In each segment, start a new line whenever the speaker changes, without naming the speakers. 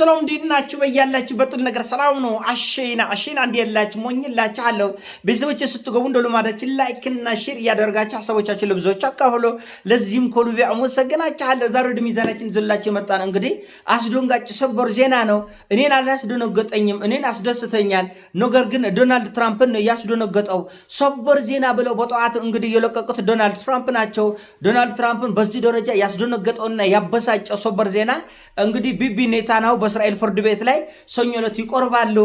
ሰላም እንዴት ናችሁ? በያላችሁ በጥል ነገር ሰላም ነው። አሸና አሸና እንዴ ያላችሁ ሞኝላችሁ አለው ቤተሰቦች ስትገቡ እንደ ልማዳችን ላይክ እና ሼር እያደረጋችሁ ሀሳቦቻችሁ ለብዙዎች አካፍሎ ለዚህም ኮሉቢ አመሰግናችኋለሁ። ዛሬ ወደ ሚዛናችን ዘላችሁ መጣን። እንግዲህ አስደንጋጭ ሰበር ዜና ነው። እኔን አላስደነገጠኝም፣ እኔን አስደስተኛል። ነገር ግን ዶናልድ ትራምፕን እያስደነገጠው። ሰበር ዜና ብለው በጠዋት እንግዲህ የለቀቁት ዶናልድ ትራምፕ ናቸው። ዶናልድ ትራምፕን በዚህ ደረጃ ያስደነገጠውና ያበሳጨው ሰበር ዜና እንግዲህ ቢቢ ኔታንያሁ በእስራኤል ፍርድ ቤት ላይ ሰኞ ዕለት ይቆርባሉ።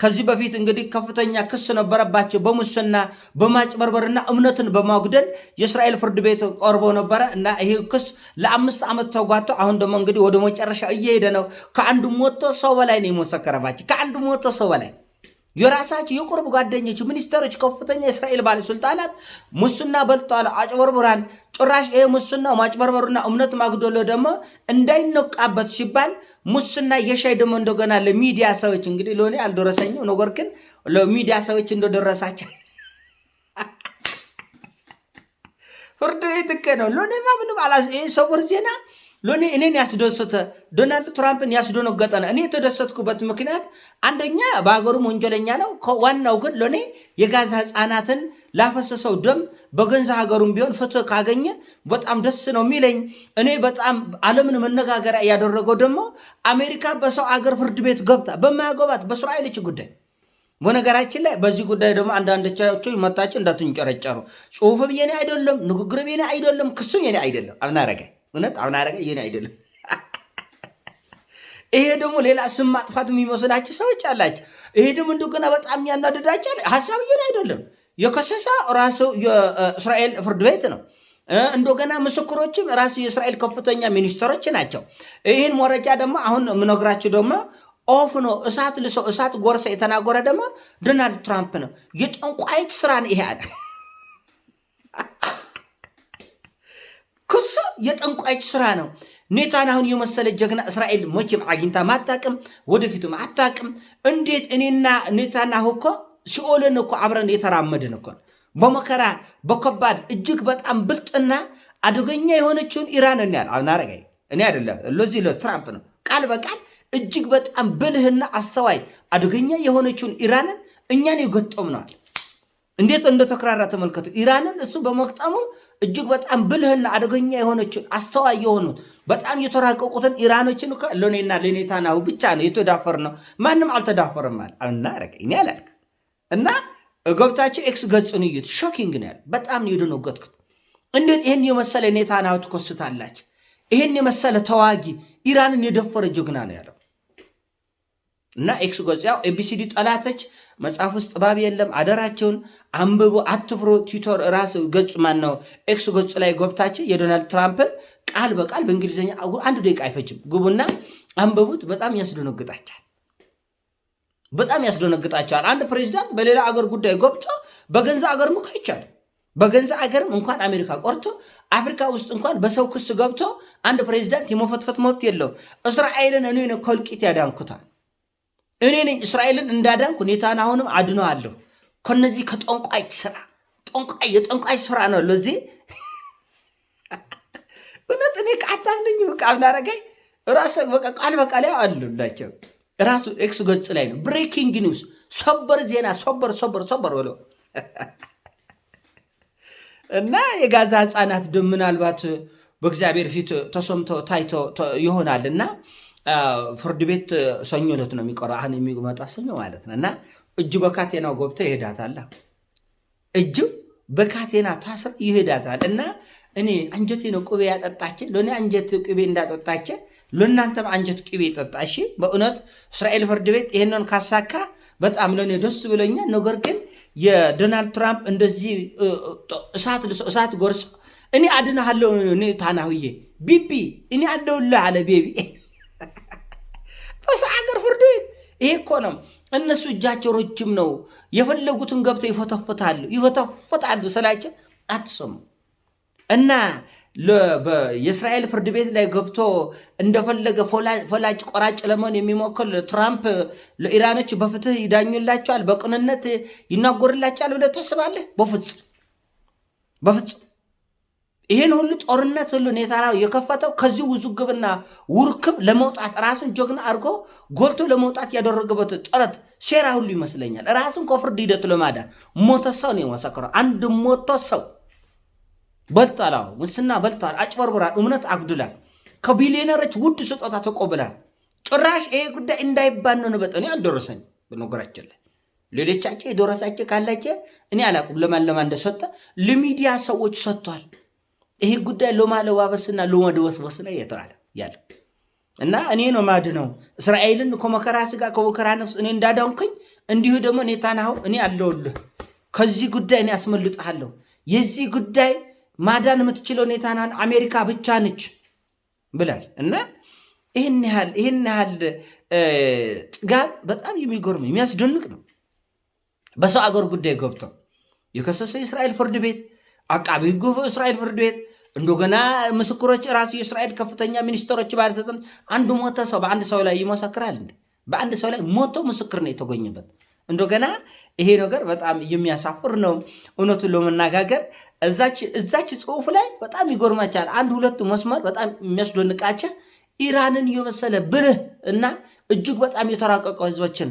ከዚህ በፊት እንግዲህ ከፍተኛ ክስ ነበረባቸው በሙስና በማጭበርበርና እምነትን በማጉደል የእስራኤል ፍርድ ቤት ቆርቦ ነበረ እና ይህ ክስ ለአምስት ዓመት ተጓቶ አሁን ደግሞ እንግዲህ ወደ መጨረሻ እየሄደ ነው። ከአንድ ሞቶ ሰው በላይ ነው የመሰከረባቸው። ከአንድ ሞቶ ሰው በላይ የራሳቸው የቁርብ ጓደኞች፣ ሚኒስትሮች፣ ከፍተኛ የእስራኤል ባለስልጣናት ሙስና በልጧል፣ አጭበርብራን ጭራሽ ይሄ ሙስና ማጭበርበሩና እምነት ማጉደሎ ደግሞ እንዳይነቃበት ሲባል ሙስና የሻይ ደግሞ እንደገና ለሚዲያ ሰዎች እንግዲህ ለእኔ አልደረሰኝም። ነገር ግን ለሚዲያ ሰዎች እንደደረሳቸው ፍርድ ቤት እኮ ነው። ለእኔማ ምንም ሰበር ዜና ለእኔ እኔን ያስደሰተ ዶናልድ ትራምፕን ያስደነገጠ ነው። እኔ የተደሰትኩበት ምክንያት አንደኛ በሀገሩም ወንጀለኛ ነው። ዋናው ግን ለእኔ የጋዛ ህፃናትን ላፈሰሰው ደም በገንዛ ሀገሩም ቢሆን ፍትህ ካገኘ በጣም ደስ ነው የሚለኝ። እኔ በጣም ዓለምን መነጋገሪያ እያደረገው ደግሞ አሜሪካ በሰው አገር ፍርድ ቤት ገብታ በማያገባት በእስራኤሎች ጉዳይ በነገራችን ላይ በዚህ ጉዳይ ደግሞ አንዳንዶቻቸው መታቸው እንዳትንጨረጨሩ ጽሁፍም የኔ አይደለም፣ ንግግርም የኔ አይደለም፣ ክሱም የኔ አይደለም። አብናረገ እውነት አብናረገ የኔ አይደለም። ይሄ ደግሞ ሌላ ስም ማጥፋት የሚመስላችሁ ሰዎች አላች። ይሄ ደግሞ እንደገና በጣም ያናደዳቸው ሀሳብ የኔ አይደለም። የከሰሳ ራሱ የእስራኤል ፍርድ ቤት ነው። እንደገና ምስክሮችም ራሱ የእስራኤል ከፍተኛ ሚኒስትሮች ናቸው። ይህን መረጃ ደግሞ አሁን የምነግራችሁ ደግሞ ኦፍ ነው እሳት ልሶ እሳት ጎርሰ የተናገረ ደግሞ ዶናልድ ትራምፕ ነው። የጠንቋይት ነው ይሄ አለ ክሱ የጠንቋይት ስራ ነው። ኔታን አሁን የመሰለ ጀግና እስራኤል መቼም አግኝታ ማታቅም፣ ወደፊቱም አታቅም። እንዴት እኔና ኔታንያሁ እኮ ሲኦልን እኮ አብረን የተራመድን እኮ በመከራ በከባድ እጅግ በጣም ብልጥና አደገኛ የሆነችውን ኢራን እናያል። አናረገ እኔ አይደለም ለዚ ለትራምፕ ነው ቃል በቃል እጅግ በጣም ብልህና አስተዋይ አደገኛ የሆነችውን ኢራንን እኛን የገጠምነዋል። እንዴት እንደተክራራ ተመልከቱ። ኢራንን እሱ በመቅጠሙ እጅግ በጣም ብልህና አደገኛ የሆነችን አስተዋይ የሆኑት በጣም የተራቀቁትን ኢራኖችን ለኔና ለኔታናሁ ብቻ ነው የተዳፈር ነው። ማንም አልተዳፈርም አለ እና ገብታችሁ ኤክስ ገጽን እዩት። ሾኪንግ ነው። በጣም ነው የደነገጥኩት። እንዴት ይህን የመሰለ ኔታንያሁ ትኮስታላች? ይህን የመሰለ ተዋጊ ኢራንን የደፈረ ጀግና ነው ያለው እና ኤክስ ገጽ ያው ኤቢሲዲ ጠላተች መጽሐፍ ውስጥ ጥበብ የለም። አደራቸውን አንብቡ፣ አትፍሩ። ትዊተር ራስ ገጽ ማን ነው ኤክስ ገጽ ላይ ገብታችሁ የዶናልድ ትራምፕን ቃል በቃል በእንግሊዝኛ አንድ ደቂቃ አይፈጅም። ግቡና አንብቡት። በጣም ያስደነግጣቻል። በጣም ያስደነግጣቸዋል። አንድ ፕሬዚዳንት በሌላ አገር ጉዳይ ጎብጦ በገንዘብ አገር ሙክ አይቻልም። በገንዘብ አገርም እንኳን አሜሪካ ቆርቶ አፍሪካ ውስጥ እንኳን በሰው ክስ ገብቶ አንድ ፕሬዚዳንት የመፈትፈት መብት የለው። እስራኤልን እኔ ነው ከእልቂት ያዳንኩታል። እኔ ነኝ እስራኤልን እንዳዳንኩ ሁኔታን አሁንም አድነዋለሁ ከነዚህ ከጠንቋይ ስራ ጠንቋይ የጠንቋይ ስራ ነው። ለዚህ እውነት እኔ ከአታምነኝ ብቃ ብናረገኝ ራሰ በቃ ቃል በቃል ያው አሉላቸው ራሱ ኤክስ ገጽ ላይ ነው። ብሬኪንግ ኒውስ ሰበር ዜና ሰበር ሰበር ሰበር ብሎ እና የጋዛ ህፃናት ደም ምናልባት በእግዚአብሔር ፊት ተሰምተው ታይቶ ይሆናል እና ፍርድ ቤት ሰኞ ዕለት ነው የሚቀረው። አሁን የሚመጣ ሰኞ ማለት ነው እና እጅ በካቴናው ገብቶ ይሄዳታል። እጅ በካቴና ታስር ይሄዳታል እና እኔ አንጀቴ ነው ቅቤ ያጠጣችን ለእኔ አንጀት ቅቤ እንዳጠጣችን ለእናንተም አንጀት ቅቤ ጠጣ። እሺ በእውነት እስራኤል ፍርድ ቤት ይህንን ካሳካ በጣም ለእኔ ደስ ብለኛል። ነገር ግን የዶናልድ ትራምፕ እንደዚህ እሳት ጎርጽ እኔ አድናሃለሁ ታናሁዬ ቢቢ እኔ አለሁልህ አለ ቤቢ በሰ አገር ፍርድ ቤት ይሄ እኮ ነው። እነሱ እጃቸው ረጅም ነው። የፈለጉትን ገብተው ይፈተፍታሉ ይፈተፍታሉ ስላቸው አትሰሙ እና የእስራኤል ፍርድ ቤት ላይ ገብቶ እንደፈለገ ፈላጭ ቆራጭ ለመሆን የሚሞክር ትራምፕ ለኢራኖች በፍትህ ይዳኙላቸዋል፣ በቅንነት ይናጎርላቸዋል ብለህ ታስባለህ? በፍጹም በፍጹም። ይህን ሁሉ ጦርነት ሁሉ ኔታንያሁ የከፈተው ከዚህ ውዝግብና ውርክብ ለመውጣት ራሱን ጀግና አድርጎ ጎልቶ ለመውጣት ያደረገበት ጥረት ሴራ ሁሉ ይመስለኛል። ራሱን ከፍርድ ሂደት ለማዳን ሞተ ሰው ነው የመሰከረው። አንድ ሞተ ሰው በልቷል። አዎ ሙስና በልቷል፣ አጭበርብሯል፣ እምነት አጉድሏል፣ ከቢሊዮነሮች ውድ ስጦታ ተቆብሏል። ጭራሽ ይሄ ጉዳይ እንዳይባነኑ በጣም እኔ አልደረሰኝ። በነገራችን ላይ ሌሎቻቸው የደረሳቸው ካላቸ እኔ አላውቅም፣ ለማን ለማን እንደሰጠ ለሚዲያ ሰዎች ሰጥቷል። ይሄ ጉዳይ ለማለባበስና ለመደወስበስ ላይ የተዋለ ያለ እና እኔ ነው ማድነው እስራኤልን ከመከራ ስጋ ከመከራ ነፍስ እኔ እንዳዳንኩኝ እንዲሁ ደግሞ ኔታንያሁ እኔ አለውልህ ከዚህ ጉዳይ እኔ አስመልጥሃለሁ የዚህ ጉዳይ ማዳን የምትችለው ኔታናን አሜሪካ ብቻ ነች ብላል እና ይህን ያህል ይህን ያህል ጥጋብ በጣም የሚጎርም የሚያስደንቅ ነው። በሰው አገር ጉዳይ ገብተው የከሰሰ የእስራኤል ፍርድ ቤት አቃቢ ሕጉ እስራኤል ፍርድ ቤት እንደገና ምስክሮች ራሱ የእስራኤል ከፍተኛ ሚኒስትሮች ባለሰጠን አንዱ ሞተ ሰው በአንድ ሰው ላይ ይመሰክራል በአንድ ሰው ላይ ሞቶ ምስክር ነው የተገኘበት እንደገና ይሄ ነገር በጣም የሚያሳፍር ነው። እውነቱን ለመነጋገር እዛች ጽሁፍ ላይ በጣም ይጎርማቻል። አንድ ሁለቱ መስመር በጣም የሚያስደንቃቸው ኢራንን የመሰለ ብልህ እና እጅግ በጣም የተራቀቀው ህዝቦችን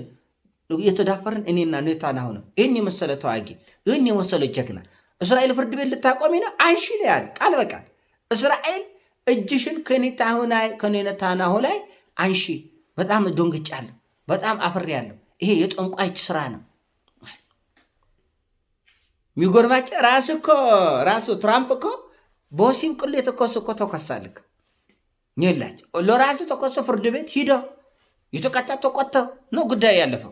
የተዳፈርን እኔና ኔታንያሁ ነው። ይህን የመሰለ ተዋጊ፣ ይህን የመሰለ ጀግና እስራኤል ፍርድ ቤት ልታቆሚ ነው አንሺ ያል ቃል በቃል እስራኤል እጅሽን ከኔታንያሁ ላይ አንሺ። በጣም ዶንግጫለሁ፣ በጣም አፍሬያለሁ። ይሄ የጠንቋይች ስራ ነው። የሚጎርማጭ ራሱ እኮ ራሱ ትራምፕ እኮ በወሲብ ቅሌት የተኮሱ እኮ ተኮሳል እኮ ይላቸው ተኮሶ ፍርድ ቤት ሂዶ የተቀጣ ተቆጥቶ ነው ጉዳይ ያለፈው።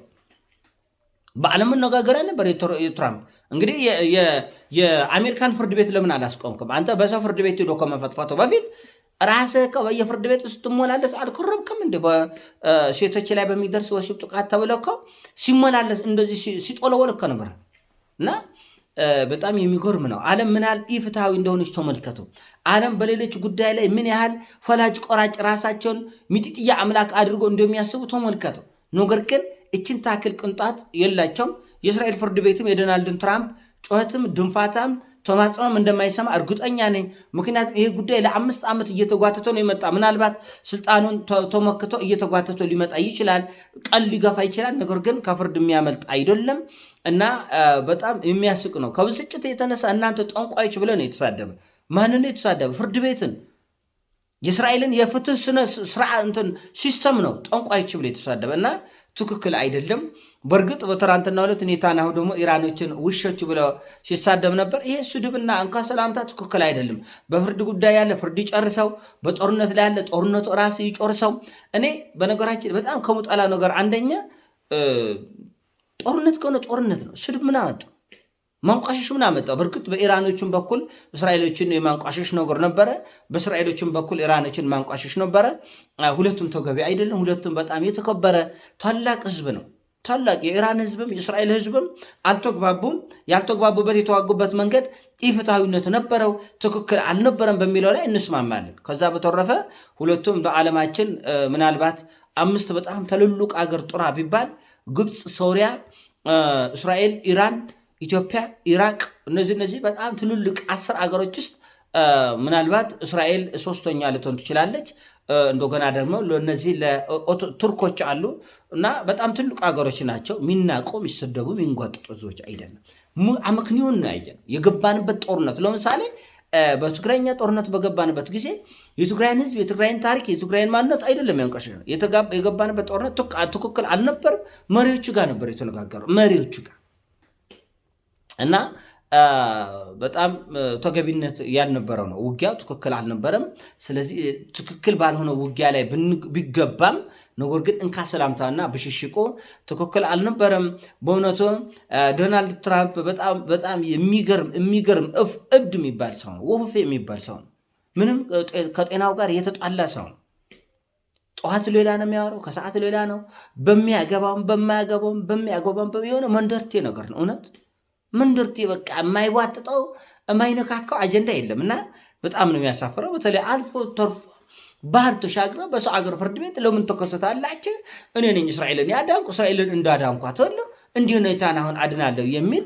በዓለም መነጋገሪያ ነበር የትራምፕ እንግዲህ የአሜሪካን ፍርድ ቤት ለምን አላስቆምክም አንተ? በሰው ፍርድ ቤት ሂዶ ከመፈትፈቱ በፊት ራስ የፍርድ ቤት ስትሞላለስ አልኮረብክም እንደ በሴቶች ላይ በሚደርስ ወሲብ ጥቃት ተብለ እኮ ሲሞላለስ እንደዚህ ሲጦለወል እኮ ነበር እና በጣም የሚጎርም ነው። ዓለም ምን ያህል ኢፍትሐዊ እንደሆነች ተመልከቱ። ዓለም በሌሎች ጉዳይ ላይ ምን ያህል ፈላጭ ቆራጭ ራሳቸውን ሚጢጥያ አምላክ አድርጎ እንደሚያስቡ ተመልከቱ። ነገር ግን እችን ታክል ቅንጣት የላቸውም። የእስራኤል ፍርድ ቤትም የዶናልድ ትራምፕ ጩኸትም ድንፋታም ተማጽኖም እንደማይሰማ እርግጠኛ ነኝ። ምክንያቱም ይህ ጉዳይ ለአምስት ዓመት እየተጓተተ ነው የመጣ ምናልባት ስልጣኑን ተሞክቶ እየተጓተተ ሊመጣ ይችላል። ቀን ሊገፋ ይችላል። ነገር ግን ከፍርድ የሚያመልጥ አይደለም እና በጣም የሚያስቅ ነው። ከብስጭት የተነሳ እናንተ ጠንቋዮች ብለ ነው የተሳደበ። ማንን ነው የተሳደበ? ፍርድ ቤትን የእስራኤልን የፍትህ ስነ ስርዓት ሲስተም ነው ጠንቋዮች ብለ የተሳደበ እና ትክክል አይደለም። በእርግጥ በትናንትናው ሁለት ኔታንያሁ ደግሞ ኢራኖችን ውሾች ብለ ሲሳደብ ነበር። ይሄ ስድብና እንኳ ሰላምታ ትክክል አይደለም። በፍርድ ጉዳይ ያለ ፍርድ ይጨርሰው፣ በጦርነት ላይ ያለ ጦርነቱ ራስ ይጨርሰው። እኔ በነገራችን በጣም ከሙጣላ ነገር አንደኛ ጦርነት ከሆነ ጦርነት ነው። ስድብ ምን አመጣው? ማንቋሸሽ ምን አመጣው? በእርግጥ በኢራኖችን በኩል እስራኤሎችን የማንቋሸሽ ነገር ነበረ። በእስራኤሎችን በኩል ኢራኖችን ማንቋሸሽ ነበረ። ሁለቱም ተገቢ አይደለም። ሁለቱም በጣም የተከበረ ታላቅ ህዝብ ነው። ታላቅ የኢራን ህዝብም የእስራኤል ህዝብም አልተግባቡም። ያልተግባቡበት የተዋጉበት መንገድ ኢፍትሐዊነት ነበረው፣ ትክክል አልነበረም በሚለው ላይ እንስማማለን። ከዛ በተረፈ ሁለቱም በዓለማችን ምናልባት አምስት በጣም ትልልቅ አገር ጥራ ቢባል ግብፅ፣ ሶሪያ፣ እስራኤል፣ ኢራን ኢትዮጵያ፣ ኢራቅ እነዚህ እነዚህ በጣም ትልልቅ አስር አገሮች ውስጥ ምናልባት እስራኤል ሶስተኛ ልትሆን ትችላለች። እንደገና ደግሞ ለእነዚህ ቱርኮች አሉ እና በጣም ትልቅ አገሮች ናቸው። ሚናቁ፣ የሚሰደቡ፣ የሚንጓጥጡ ህዝቦች አይደለም። አመክንዮን ነው ያየ የገባንበት ጦርነት ለምሳሌ በትግራይኛ ጦርነት በገባንበት ጊዜ የትግራይን ህዝብ የትግራይን ታሪክ የትግራይን ማንነት አይደለም ያንቀሽ የገባንበት ጦርነት ትክክል አልነበር። መሪዎቹ ጋር ነበር የተነጋገሩ መሪዎቹ ጋር እና በጣም ተገቢነት ያልነበረው ነው። ውጊያው ትክክል አልነበረም። ስለዚህ ትክክል ባልሆነ ውጊያ ላይ ቢገባም ነገር ግን እንካ ሰላምታና ብሽሽቆ ትክክል አልነበረም። በእውነቱ ዶናልድ ትራምፕ በጣም የሚገርም የሚገርም እብድ የሚባል ሰው ነው። ወፍፌ የሚባል ሰው ነው። ምንም ከጤናው ጋር የተጣላ ሰው ነው። ጠዋት ሌላ ነው የሚያወራው፣ ከሰዓት ሌላ ነው። በሚያገባውም በማያገባውም በሚያገባም የሆነ መንደርቴ ነገር ነው እውነት ምንድርቲ በቃ የማይዋጥጠው የማይነካካው አጀንዳ የለም እና በጣም ነው የሚያሳፍረው። በተለይ አልፎ ተርፎ ባህር ተሻግረ በሰው አገር ፍርድ ቤት ለምን ተከሰታላችሁ? እኔ ነኝ እስራኤልን ያዳንኩ እስራኤልን እንዳዳንኳት ሆኖ እንዲሁ ሁኔታን አሁን አድናለሁ የሚል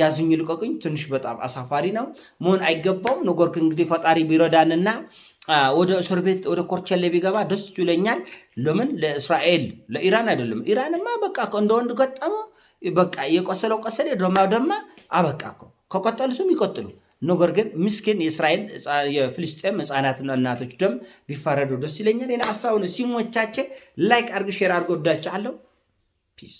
ያዙኝ ልቀቁኝ ትንሽ በጣም አሳፋሪ ነው፣ መሆን አይገባውም። ነገር ግን እንግዲህ ፈጣሪ ቢረዳንና ወደ እስር ቤት ወደ ኮርቸለ ቢገባ ደስ ይለኛል። ለምን ለእስራኤል ለኢራን አይደለም። ኢራንማ በቃ እንደወንድ ወንድ ገጠመው በቃ የቆሰለው ቆሰለ፣ የደማው ደማ፣ አበቃ እኮ። ከቆጠሉ ስም ይቆጥሉ። ነገር ግን ምስኪን የእስራኤል የፍልስጤም ህፃናትና እናቶች ደም ቢፋረዱ ደስ ይለኛል። ሌላ ሀሳብ ነው። ሲሞቻቸ ላይክ አድርግ፣ ሼር ወዳቸ አለው ፒስ